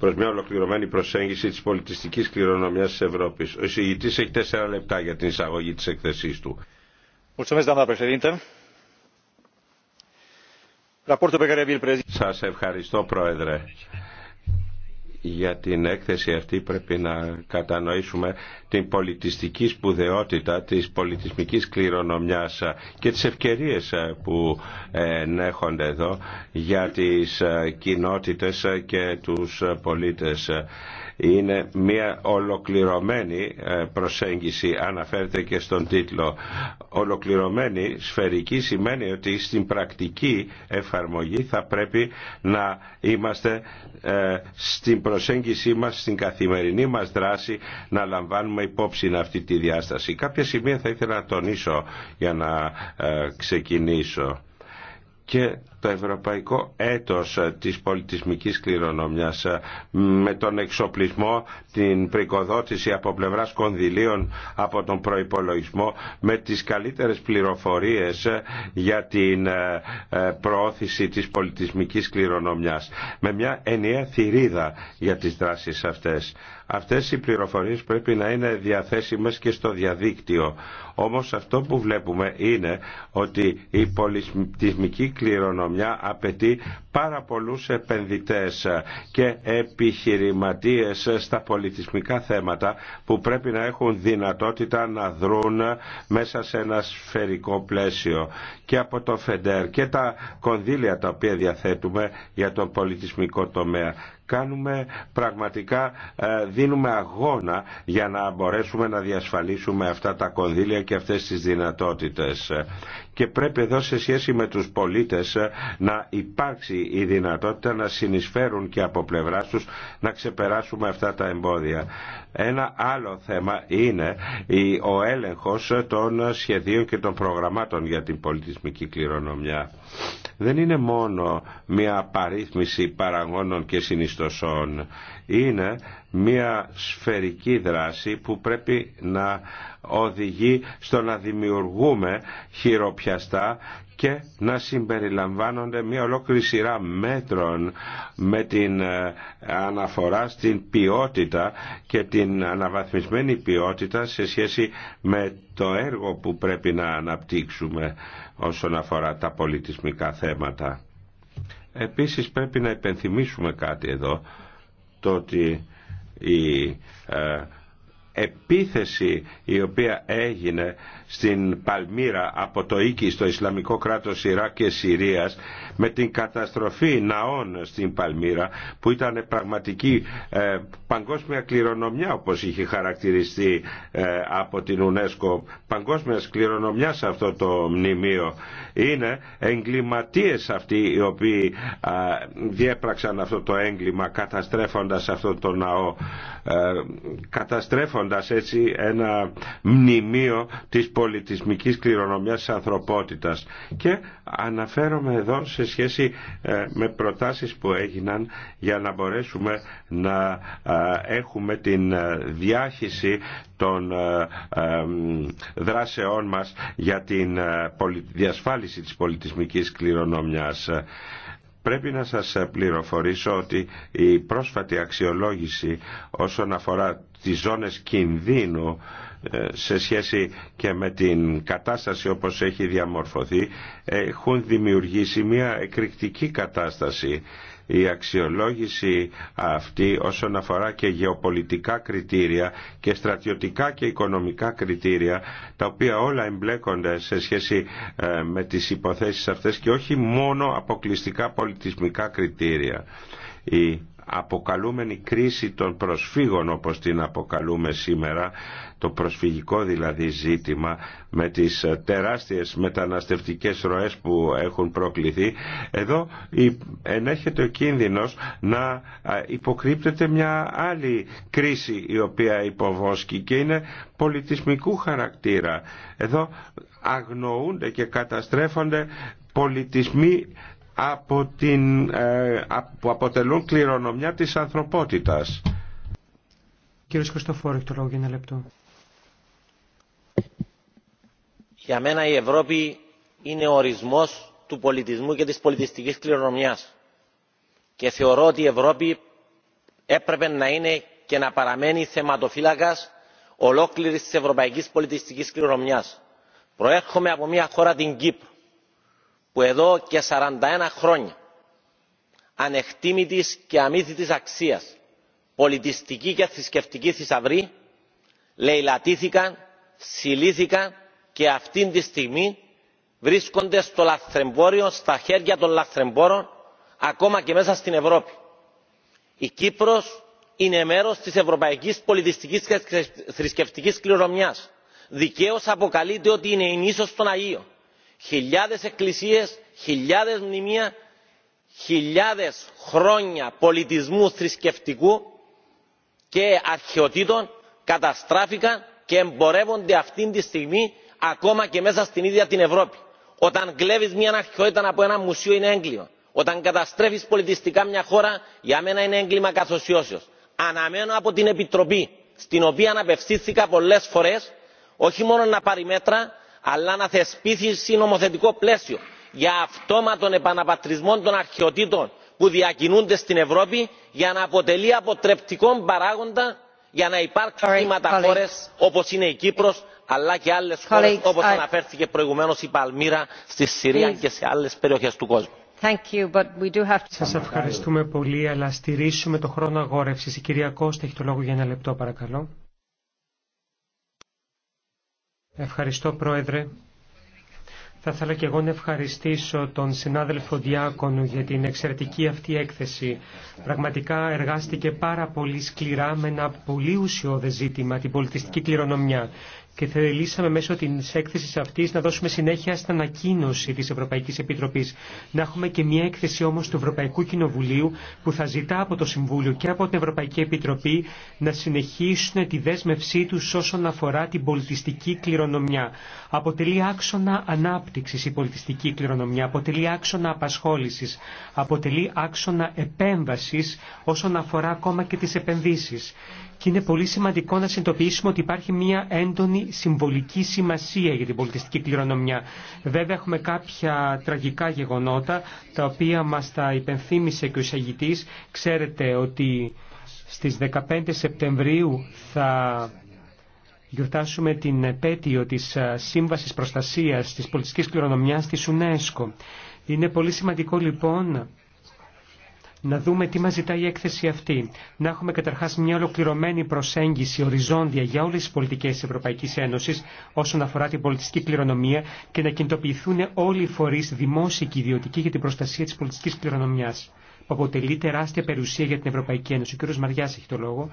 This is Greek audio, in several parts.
προς μια ολοκληρωμένη προσέγγιση της πολιτιστικής κληρονομιάς της Ευρώπης. Ο εισηγητής έχει τέσσερα λεπτά για την εισαγωγή της εκθεσής του. Σας ευχαριστώ Πρόεδρε για την έκθεση αυτή πρέπει να κατανοήσουμε την πολιτιστική σπουδαιότητα της πολιτισμικής κληρονομιάς και τις ευκαιρίες που ε, ενέχονται εδώ για τις ε, κοινότητες και τους πολίτες είναι μια ολοκληρωμένη ε, προσέγγιση αναφέρεται και στον τίτλο ολοκληρωμένη σφαιρική σημαίνει ότι στην πρακτική εφαρμογή θα πρέπει να είμαστε ε, στην προσέγγιση μας στην καθημερινή μας δράση να λαμβάνουμε υπόψη αυτή τη διάσταση κάποια σημεία θα ήθελα να τονίσω για να ε, ξεκινήσω και το ευρωπαϊκό έτος της πολιτισμικής κληρονομιάς ε, με τον εξοπλισμό, την πρικοδότηση από πλευράς κονδυλίων από τον προϋπολογισμό με τις καλύτερες πληροφορίες ε, για την ε, προώθηση της πολιτισμικής κληρονομιάς με μια ενιαία θηρίδα για τις δράσεις αυτές. Αυτές οι πληροφορίες πρέπει να είναι διαθέσιμες και στο διαδίκτυο. Όμως αυτό που βλέπουμε είναι ότι η πολιτισμική κληρονομιά απαιτεί πάρα πολλούς επενδυτές και επιχειρηματίες στα πολιτισμικά θέματα που πρέπει να έχουν δυνατότητα να δρουν μέσα σε ένα σφαιρικό πλαίσιο. Και από το ΦΕΝΤΕΡ και τα κονδύλια τα οποία διαθέτουμε για τον πολιτισμικό τομέα κάνουμε πραγματικά, ε, δίνουμε αγώνα για να μπορέσουμε να διασφαλίσουμε αυτά τα κονδύλια και αυτές τις δυνατότητες. Και πρέπει εδώ σε σχέση με τους πολίτες ε, να υπάρξει η δυνατότητα να συνεισφέρουν και από πλευρά τους να ξεπεράσουμε αυτά τα εμπόδια. Ένα άλλο θέμα είναι ο έλεγχος των σχεδίων και των προγραμμάτων για την πολιτισμική κληρονομιά. Δεν είναι μόνο μια απαρίθμηση παραγόνων και συνιστών είναι μια σφαιρική δράση που πρέπει να οδηγεί στο να δημιουργούμε χειροπιαστά και να συμπεριλαμβάνονται μια ολόκληρη σειρά μέτρων με την ε, αναφορά στην ποιότητα και την αναβαθμισμένη ποιότητα σε σχέση με το έργο που πρέπει να αναπτύξουμε όσον αφορά τα πολιτισμικά θέματα. Επίσης πρέπει να υπενθυμίσουμε κάτι εδώ, το ότι η ε, επίθεση η οποία έγινε στην Παλμύρα από το Ίκη στο Ισλαμικό κράτος Ιράκ και Συρίας με την καταστροφή ναών στην Παλμύρα που ήταν πραγματική ε, παγκόσμια κληρονομιά όπως είχε χαρακτηριστεί ε, από την UNESCO παγκόσμια κληρονομιά σε αυτό το μνημείο είναι εγκληματίες αυτοί οι οποίοι διέπραξαν αυτό το έγκλημα καταστρέφοντας αυτό το ναό ε, καταστρέφοντας έτσι ένα μνημείο της πολιτισμικής κληρονομιάς της ανθρωπότητας. Και αναφέρομαι εδώ σε σχέση ε, με προτάσεις που έγιναν για να μπορέσουμε να ε, έχουμε την ε, διάχυση των δράσεών μας για την διασφάλιση της πολιτισμικής κληρονομιάς. Πρέπει να σας πληροφορήσω ότι η πρόσφατη αξιολόγηση όσον αφορά τις ζώνες κινδύνου ε, σε σχέση και με την κατάσταση όπως έχει διαμορφωθεί έχουν δημιουργήσει μια εκρηκτική κατάσταση η αξιολόγηση αυτή όσον αφορά και γεωπολιτικά κριτήρια και στρατιωτικά και οικονομικά κριτήρια τα οποία όλα εμπλέκονται σε σχέση ε, με τις υποθέσεις αυτές και όχι μόνο αποκλειστικά πολιτισμικά κριτήρια αποκαλούμενη κρίση των προσφύγων όπως την αποκαλούμε σήμερα, το προσφυγικό δηλαδή ζήτημα με τις ε, τεράστιες μεταναστευτικές ροές που έχουν προκληθεί, εδώ ενέχεται ο κίνδυνος να ε, υποκρύπτεται μια άλλη κρίση η οποία υποβόσκει και είναι πολιτισμικού χαρακτήρα. Εδώ αγνοούνται και καταστρέφονται πολιτισμοί από την, ε, που αποτελούν κληρονομιά της ανθρωπότητας. Κύριε Κρυστοφόρη, το λόγο για ένα λεπτό. Για μένα η Ευρώπη είναι ο ορισμός του πολιτισμού και της πολιτιστικής κληρονομιάς. Και θεωρώ ότι η Ευρώπη έπρεπε να είναι και να παραμένει θεματοφύλακας ολόκληρης της ευρωπαϊκής πολιτιστικής κληρονομιάς. Προέρχομαι από μια χώρα την Κύπρο που εδώ και 41 χρόνια ανεκτήμητης και αμύθιτης αξίας, πολιτιστική και θρησκευτική θησαυρή, λαιλατήθηκαν, συλλήθηκαν και αυτήν τη στιγμή βρίσκονται στο λαθρεμπόριο, στα χέρια των λαθρεμπόρων, ακόμα και μέσα στην Ευρώπη. Η Κύπρος είναι μέρος της ευρωπαϊκής πολιτιστικής και θρησκευτικής κληρονομιάς. Δικαίως αποκαλείται ότι είναι η νήσος των Αγίων χιλιάδες εκκλησίες χιλιάδες μνημεία χιλιάδες χρόνια πολιτισμού θρησκευτικού και αρχαιοτήτων καταστράφηκαν και εμπορεύονται αυτή τη στιγμή ακόμα και μέσα στην ίδια την Ευρώπη. Όταν κλέβεις μια αρχαιότητα από ένα μουσείο είναι έγκλημα. Όταν καταστρέφεις πολιτιστικά μια χώρα για μένα είναι έγκλημα καθοσιώσεως. Αναμένω από την Επιτροπή στην οποία αναπευθύνθηκα πολλές φορές όχι μόνο να πάρει μέτρα αλλά να θεσπίσει νομοθετικό πλαίσιο για αυτόματον επαναπατρισμό των αρχαιοτήτων που διακινούνται στην Ευρώπη για να αποτελεί αποτρεπτικό παράγοντα για να υπάρξουν χώρε, όπω είναι η Κύπρο αλλά και άλλε χώρε όπω αναφέρθηκε προηγουμένω η Παλμύρα στη Συρία και σε άλλε περιοχέ του κόσμου. Σα ευχαριστούμε πολύ, αλλά στηρίσουμε το χρόνο αγόρευση. Η κυρία Κώστα έχει το λόγο για ένα λεπτό, παρακαλώ. Ευχαριστώ Πρόεδρε. Θα ήθελα και εγώ να ευχαριστήσω τον συνάδελφο Διάκονο για την εξαιρετική αυτή έκθεση. Πραγματικά εργάστηκε πάρα πολύ σκληρά με ένα πολύ ουσιώδε ζήτημα, την πολιτιστική κληρονομιά και θελήσαμε μέσω τη έκθεση αυτή να δώσουμε συνέχεια στην ανακοίνωση τη Ευρωπαϊκή Επιτροπή. Να έχουμε και μια έκθεση όμω του Ευρωπαϊκού Κοινοβουλίου που θα ζητά από το Συμβούλιο και από την Ευρωπαϊκή Επιτροπή να συνεχίσουν τη δέσμευσή του όσον αφορά την πολιτιστική κληρονομιά. Αποτελεί άξονα ανάπτυξη η πολιτιστική κληρονομιά, αποτελεί άξονα απασχόληση, αποτελεί άξονα επέμβαση όσον αφορά ακόμα και τι επενδύσει και είναι πολύ σημαντικό να συνειδητοποιήσουμε ότι υπάρχει μια έντονη συμβολική σημασία για την πολιτιστική κληρονομιά. Βέβαια έχουμε κάποια τραγικά γεγονότα τα οποία μας τα υπενθύμησε και ο εισαγητής. Ξέρετε ότι στις 15 Σεπτεμβρίου θα γιορτάσουμε την επέτειο της ε, Σύμβασης Προστασίας της Πολιτιστικής Κληρονομιάς της UNESCO. Είναι πολύ σημαντικό λοιπόν να δούμε τι μας ζητάει η έκθεση αυτή. Να έχουμε καταρχάς μια ολοκληρωμένη προσέγγιση οριζόντια για όλες τις πολιτικές της Ευρωπαϊκής Ένωσης όσον αφορά την πολιτιστική κληρονομία και να κινητοποιηθούν όλοι οι φορείς δημόσιοι και ιδιωτικοί για την προστασία της πολιτιστικής κληρονομιάς που αποτελεί τεράστια περιουσία για την Ευρωπαϊκή Ένωση. Ο κ. Μαριάς έχει το λόγο.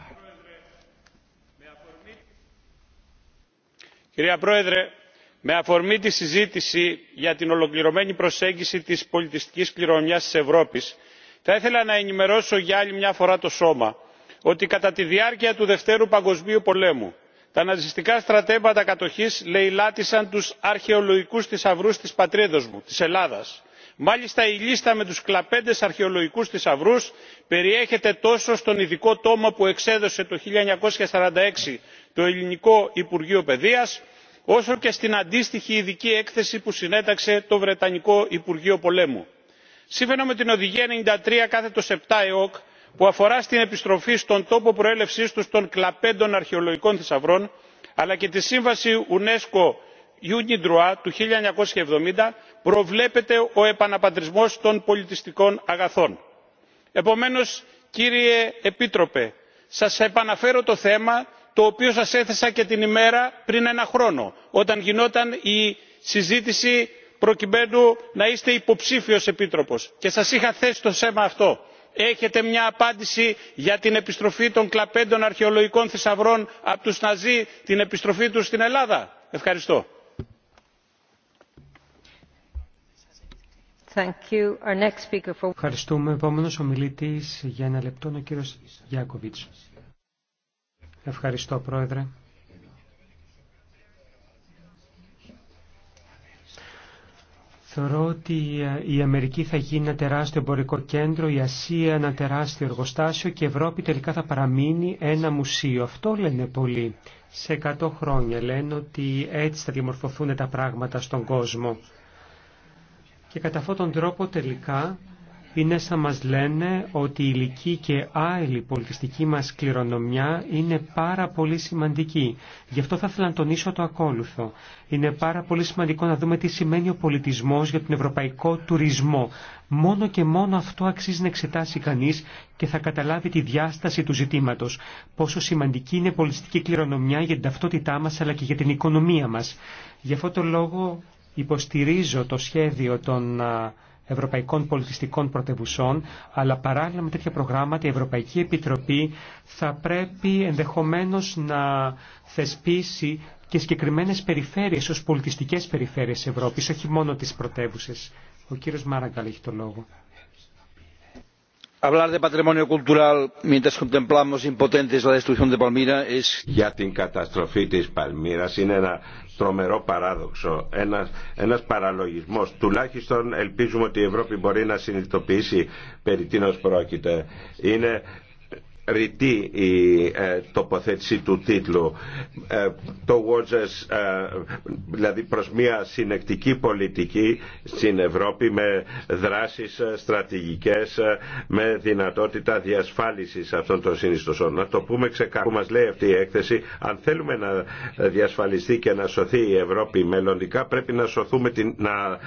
Κυρία Πρόεδρε, με αφορμή τη συζήτηση για την ολοκληρωμένη προσέγγιση της πολιτιστικής κληρονομιάς της Ευρώπης θα ήθελα να ενημερώσω για άλλη μια φορά το σώμα ότι κατά τη διάρκεια του δευτέρου παγκοσμίου πολέμου τα ναζιστικά στρατεύματα κατοχής λαιλάτισαν τους αρχαιολογικούς θησαυρούς της πατρίδος μου της ελλάδας. μάλιστα η λίστα με τους κλαπέντες αρχαιολογικούς θησαυρούς περιέχεται τόσο στον ειδικό τόμο που εξέδωσε το 1946 το ελληνικό υπουργείο παιδείας όσο και στην αντίστοιχη ειδική έκθεση που συνέταξε το βρετανικό υπουργείο πολέμου σύμφωνα με την οδηγία ενενήντα τρία 7 ΕΟΚ που αφορά στην επιστροφή στον τόπο προέλευσής τους των κλαπέντων αρχαιολογικών θησαυρών αλλά και τη σύμβαση unesco unidroit του 1970 προβλέπεται ο επαναπατρισμός των πολιτιστικών αγαθών. επομένως κύριε επίτροπε σας επαναφέρω το θέμα το οποίο σας έθεσα και την ημέρα πριν ένα χρόνο όταν γινόταν η συζήτηση προκειμένου να είστε υποψήφιος επίτροπος και σας είχα θέσει το θέμα αυτό. έχετε μια απάντηση για την επιστροφή των κλαπέντων αρχαιολογικών θησαυρών από τους ναζί την επιστροφή τους στην ελλάδα. ευχαριστώ. Ευχαριστούμε. Επόμενος ομιλητής για ένα λεπτό, ο κύριος Γιάκοβιτς. Ευχαριστώ, Πρόεδρε. Θεωρώ ότι ε, η Αμερική θα γίνει ένα τεράστιο εμπορικό κέντρο, η Ασία ένα τεράστιο εργοστάσιο και η Ευρώπη τελικά θα παραμείνει ένα μουσείο. Αυτό λένε πολλοί. Σε 100 χρόνια λένε ότι έτσι θα διαμορφωθούν τα πράγματα στον κόσμο. Και κατά αυτόν τον τρόπο τελικά είναι σαν μας λένε ότι η ηλική και άλλη πολιτιστική μας κληρονομιά είναι πάρα πολύ σημαντική. Γι' αυτό θα ήθελα να τονίσω το ακόλουθο. Είναι πάρα πολύ σημαντικό να δούμε τι σημαίνει ο πολιτισμός για τον ευρωπαϊκό τουρισμό. Μόνο και μόνο αυτό αξίζει να εξετάσει κανείς και θα καταλάβει τη διάσταση του ζητήματος. Πόσο σημαντική είναι η πολιτιστική κληρονομιά για την ταυτότητά μας αλλά και για την οικονομία μας. Γι' αυτό το λόγο υποστηρίζω το σχέδιο των ευρωπαϊκών πολιτιστικών πρωτευουσών, αλλά παράλληλα με τέτοια προγράμματα η Ευρωπαϊκή Επιτροπή θα πρέπει ενδεχομένως να θεσπίσει και συγκεκριμένε περιφέρειες ως πολιτιστικές περιφέρειες Ευρώπης, όχι μόνο τις πρωτεύουσε. Ο κύριος Μάραγκαλ έχει το λόγο. Για την καταστροφή της Παλμύρας είναι ένα τρομερό παράδοξο, ένας, ένας παραλογισμός. Τουλάχιστον ελπίζουμε ότι η Ευρώπη μπορεί να συνειδητοποιήσει περί τίνος πρόκειται. Είναι ρητή η ε, τοποθέτηση του τίτλου ε, towards ε, δηλαδή προς μια συνεκτική πολιτική στην Ευρώπη με δράσεις ε, στρατηγικές με δυνατότητα διασφάλισης αυτών των συνιστοσών. Να το πούμε ξεκάθαρα που μας λέει αυτή η έκθεση αν θέλουμε να διασφαλιστεί και να σωθεί η Ευρώπη μελλοντικά πρέπει να σωθούμε την, να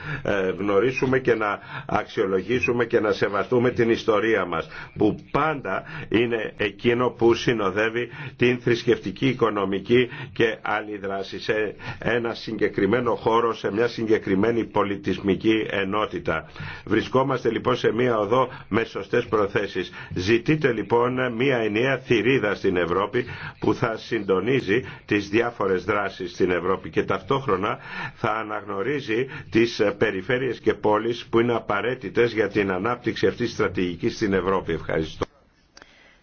γνωρίσουμε και να αξιολογήσουμε και να σεβαστούμε την ιστορία μας που πάντα είναι εκείνο που συνοδεύει την θρησκευτική, οικονομική και άλλη δράση σε ένα συγκεκριμένο χώρο, σε μια συγκεκριμένη πολιτισμική ενότητα. Βρισκόμαστε λοιπόν σε μια οδό με σωστέ προθέσεις. Ζητείτε λοιπόν μια ενιαία θηρίδα στην Ευρώπη που θα συντονίζει τις διάφορες δράσεις στην Ευρώπη και ταυτόχρονα θα αναγνωρίζει τις περιφέρειες και πόλεις που είναι απαραίτητες για την ανάπτυξη αυτής της στρατηγικής στην Ευρώπη. Ευχαριστώ.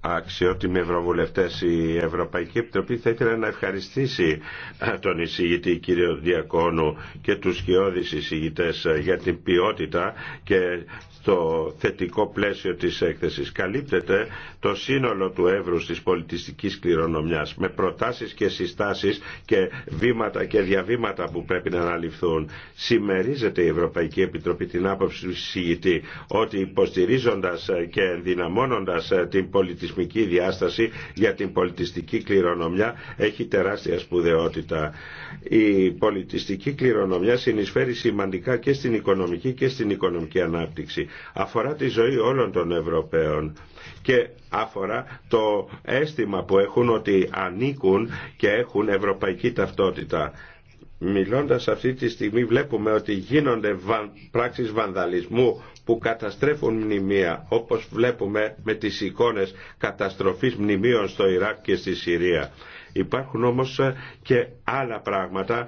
αξιότιμοι ευρωβουλευτές η Ευρωπαϊκή Επιτροπή θα ήθελα να ευχαριστήσει τον εισηγητή κύριο Διακόνου και τους σκιώδεις εισηγητές για την ποιότητα και το θετικό πλαίσιο της έκθεσης. Καλύπτεται το σύνολο του εύρους της πολιτιστικής κληρονομιάς με προτάσεις και συστάσεις και βήματα και διαβήματα που πρέπει να αναλυφθούν. Σημερίζεται η Ευρωπαϊκή Επιτροπή την άποψη του ότι υποστηρίζοντας και ενδυναμώνοντας την πολιτισμική διάσταση για την πολιτιστική κληρονομιά έχει τεράστια σπουδαιότητα. Η πολιτιστική κληρονομιά συνεισφέρει σημαντικά και στην οικονομική και στην οικονομική ανάπτυξη. Αφορά τη ζωή όλων των Ευρωπαίων και αφορά το αίσθημα που έχουν ότι ανήκουν και έχουν ευρωπαϊκή ταυτότητα. Μιλώντας αυτή τη στιγμή βλέπουμε ότι γίνονται πράξεις βανδαλισμού που καταστρέφουν μνημεία όπως βλέπουμε με τις εικόνες καταστροφής μνημείων στο Ιράκ και στη Συρία. Υπάρχουν όμως και άλλα πράγματα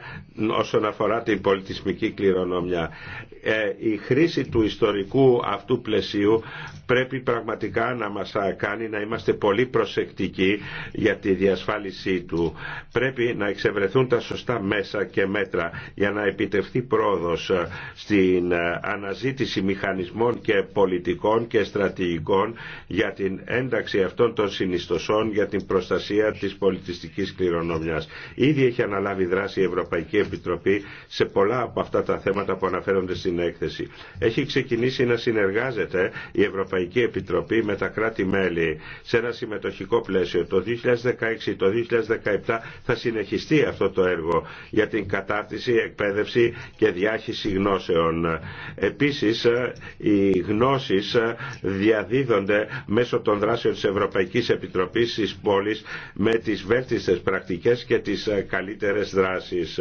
όσον αφορά την πολιτισμική κληρονομιά. Ε, η χρήση του ιστορικού αυτού πλαισίου πρέπει πραγματικά να μας κάνει να είμαστε πολύ προσεκτικοί για τη διασφάλισή του. Πρέπει να εξευρεθούν τα σωστά μέσα και μέτρα για να επιτευχθεί πρόοδος στην αναζήτηση μηχανισμού πολιτισμών και πολιτικών και στρατηγικών για την ένταξη αυτών των συνιστοσών για την προστασία της πολιτιστικής κληρονομιάς. Ήδη έχει αναλάβει δράση η Ευρωπαϊκή Επιτροπή σε πολλά από αυτά τα θέματα που αναφέρονται στην έκθεση. Έχει ξεκινήσει να συνεργάζεται η Ευρωπαϊκή Επιτροπή με τα κράτη-μέλη σε ένα συμμετοχικό πλαίσιο. Το 2016, το 2017 θα συνεχιστεί αυτό το έργο για την κατάρτιση, εκπαίδευση και διάχυση γνώσεων. Επίσης οι γνώσεις διαδίδονται μέσω των δράσεων της Ευρωπαϊκής Επιτροπής της πόλης με τις βέλτιστες πρακτικές και τις καλύτερες δράσεις.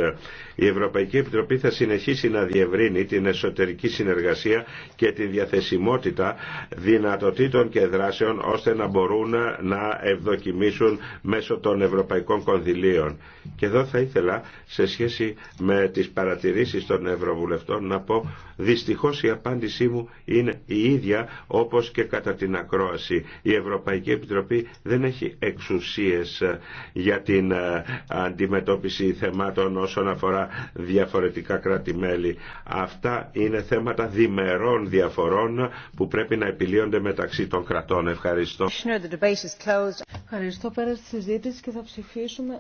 Η Ευρωπαϊκή Επιτροπή θα συνεχίσει να διευρύνει την εσωτερική συνεργασία και τη διαθεσιμότητα δυνατοτήτων και δράσεων ώστε να μπορούν να ευδοκιμήσουν μέσω των ευρωπαϊκών κονδυλίων. Και εδώ θα ήθελα σε σχέση με τις παρατηρήσεις των Ευρωβουλευτών να πω δυστυχώς η απάντησή μου είναι η ίδια όπως και κατά την ακρόαση. Η Ευρωπαϊκή Επιτροπή δεν έχει εξουσίες ε, για την ε, αντιμετώπιση θεμάτων όσον αφορά διαφορετικά κράτη-μέλη. Αυτά είναι θέματα διμερών διαφορών που πρέπει να επιλύονται μεταξύ των κρατών. Ευχαριστώ. Ευχαριστώ συζήτηση και θα ψηφίσουμε